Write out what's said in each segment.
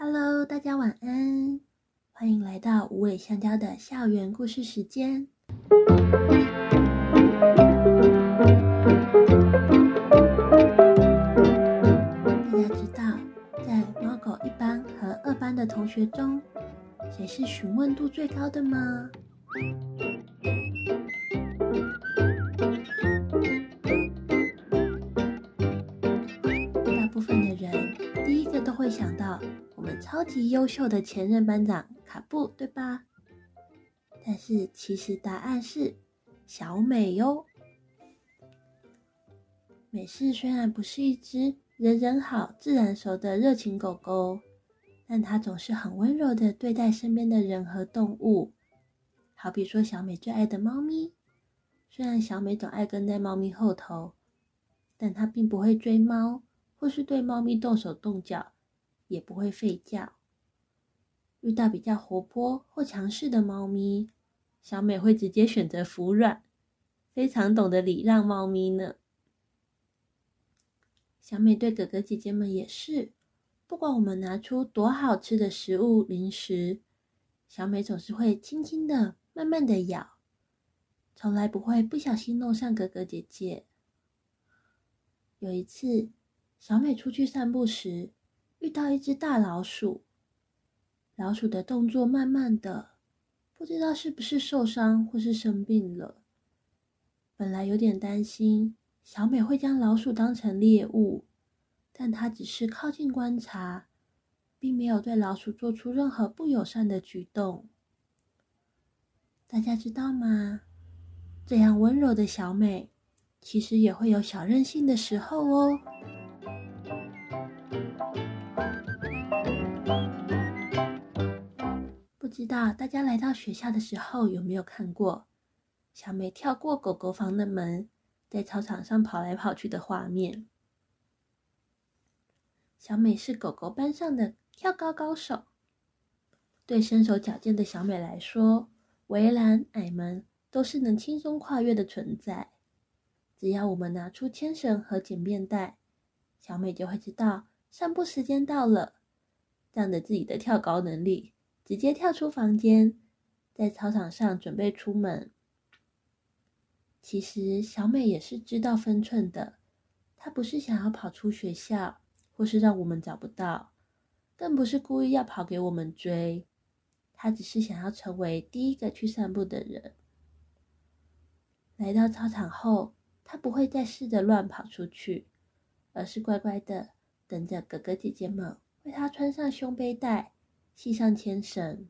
Hello，大家晚安，歡迎來到無尾香蕉的校園故事時間。大家知道，在貓狗一班和二班的同學中，誰是詢問度最高的嗎？超級優秀的前任班長卡布，對吧？但是其實答案是小美喲、哦。美式雖然不是一只人人好、自然熟的熱情狗狗，但它總是很溫柔的對待身邊的人和動物。好比說，小美最愛的貓咪，雖然小美總愛跟在貓咪後頭，但它並不會追貓，或是對貓咪動手動腳。也不會吠叫。遇到比較活潑或強勢的貓咪，小美會直接選擇服軟，非常懂得禮讓貓咪呢。小美對哥哥姐姐們也是，不管我們拿出多好吃的食物、零食，小美總是會輕輕的、慢慢的咬，從來不會不小心弄傷哥哥姐姐。有一次，小美出去散步時，遇到一隻大老鼠，老鼠的動作慢慢的，不知道是不是受傷或是生病了。本來有點擔心小美會將老鼠當成獵物，但她只是靠近觀察，並沒有對老鼠做出任何不友善的舉動。大家知道嗎？這樣溫柔的小美，其實也會有小任性的時候哦。知道大家來到學校的時候，有沒有看過小美跳過狗狗房的門，在操場上跑來跑去的畫面？小美是狗狗班上的跳高高手。對身手矯健的小美來說，圍欄、矮門都是能輕鬆跨越的存在。只要我們拿出牽繩和撿便袋，小美就會知道散步時間到了，仗着自己的跳高能力，直接跳出房間，在操場上準備出門。其實小美也是知道分寸的，她不是想要跑出學校，或是讓我們找不到，更不是故意要跑給我們追。她只是想要成為第一個去散步的人。來到操場後，她不會再試着亂跑出去，而是乖乖的等着哥哥姐姐們為她穿上胸背帶。繫上牽繩。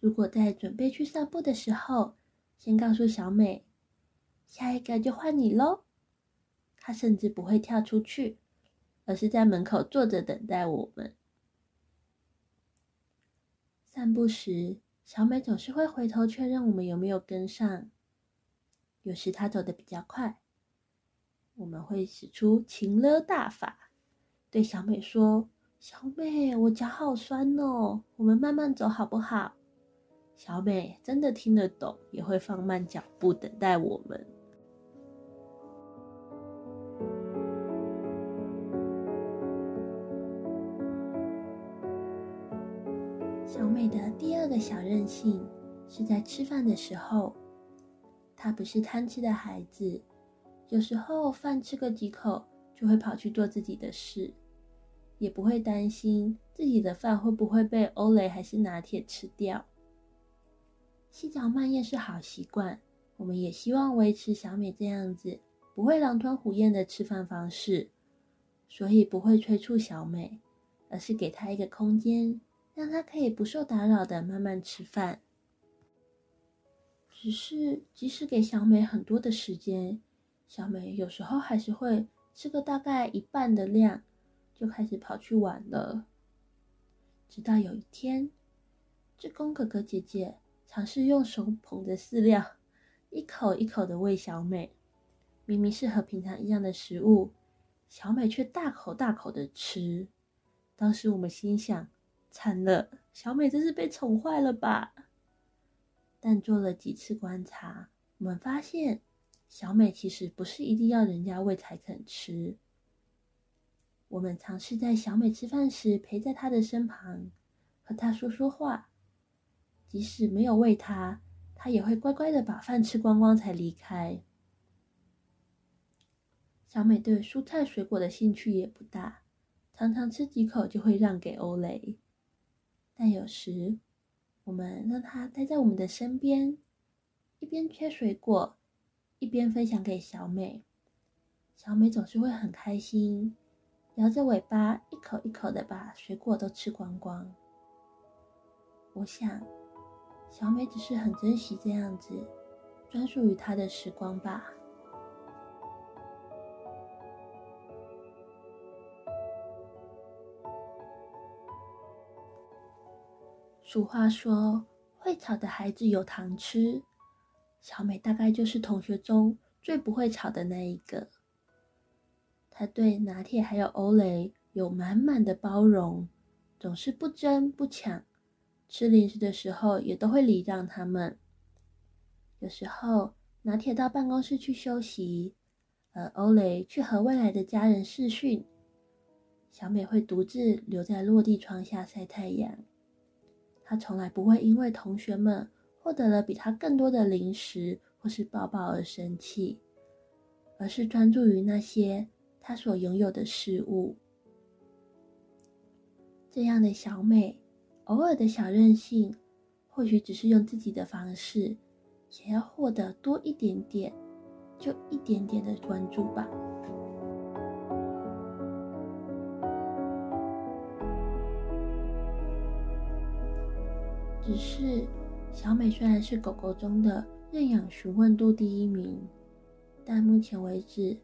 如果在準備去散步的時候，先告訴小美：“下一個就換你嘍。”她甚至不會跳出去，而是在門口坐着等待我們。散步時，小美總是會回頭確認我們有沒有跟上。有時她走得比較快，我們會使出“情勒大法”，對小美說。小美，我腳好酸哦，我們慢慢走好不好？小美真的聽得懂，也會放慢腳步等待我們。小美的第二個小任性是在吃飯的時候，她不是貪吃的孩子，有時候飯吃個幾口，就會跑去做自己的事。也不會擔心自己的飯會不會被歐蕾還是拿鐵吃掉。細嚼慢嚥是好習慣，我們也希望維持小美這樣子，不會狼吞虎嚥的吃飯方式，所以不會催促小美，而是給她一個空間，讓她可以不受打擾的慢慢吃飯。只是即使給小美很多的時間，小美有時候還是會吃個大概一半的量，就開始跑去玩了。直到有一天，志工哥哥姐姐嘗試用手捧着飼料，一口一口的餵小美。明明是和平常一樣的食物，小美卻大口大口的吃。當時我們心想：慘了，小美真是被寵壞了吧？但做了幾次觀察，我們發現小美其實不是一定要人家餵才肯吃。我們嘗試在小美吃飯時陪在她的身旁，和她說說話。即使沒有餵她，她也會乖乖地把飯吃光光才離開。小美對蔬菜水果的興趣也不大，常常吃幾口就會讓給歐蕾。但有時，我們讓她待在我們的身邊，一邊切水果，一邊分享給小美，小美總是會很開心。搖着尾巴，一口一口的把水果都吃光光。我想，小美只是很珍惜這樣子，專屬於她的時光吧。 俗話說：“會吵的孩子有糖吃。”小美大概就是同學中最不會吵的那一個。他對拿鐵還有歐蕾有滿滿的包容，總是不爭不搶，吃零食的時候也都會禮讓他們。有時候拿鐵到辦公室去休息，而歐蕾去和未來的家人視訊，小美會獨自留在落地窗下曬太陽。她從來不會因為同學們獲得了比她更多的零食或是抱抱而生氣，而是專注於那些。他所擁有的事物，這樣的小美，偶爾的小任性，或許只是用自己的方式，想要獲得多一點點，就一點點的關注吧。只是，小美雖然是狗狗中的認養詢問度第一名，但目前為止。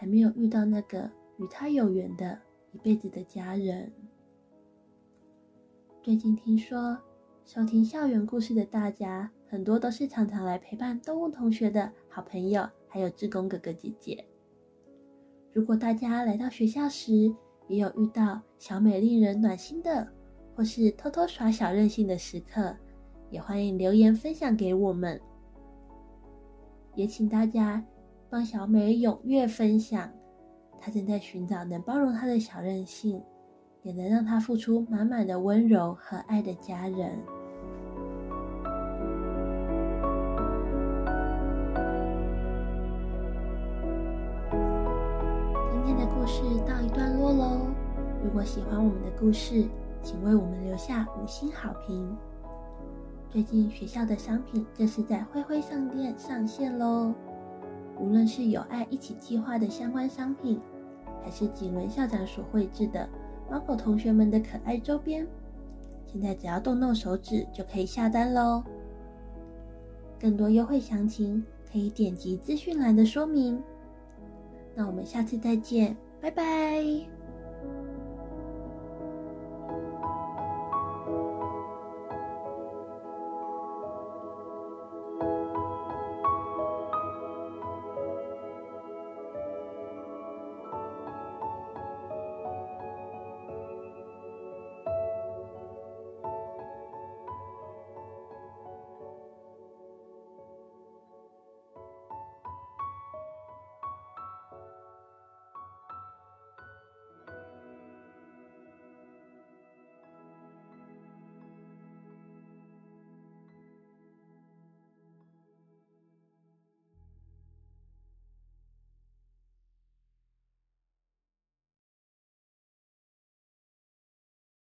還沒有遇到那個與他有緣的一輩子的家人。最近聽說收聽校園故事的大家，很多都是常常來陪伴動物同學的好朋友，還有志工哥哥姐姐。如果大家來到學校時也有遇到小美令人暖心的，或是偷偷耍小任性的時刻，也歡迎留言分享給我們。也請大家。幫小美踴躍分享，她正在尋找能包容她的小任性，也能讓她付出滿滿的溫柔和愛的家人。今天的故事告一段落嘍。如果喜歡我們的故事，請為我們留下五星好評。最近學校的商品，正式在灰灰商店上線嘍。無論是有愛一起計劃的相關商品，還是景倫校長所繪製的貓狗同學們的可愛周邊，現在只要動動手指就可以下單嘍！更多優惠詳情可以點擊資訊欄的說明。那我們下次再見，拜拜。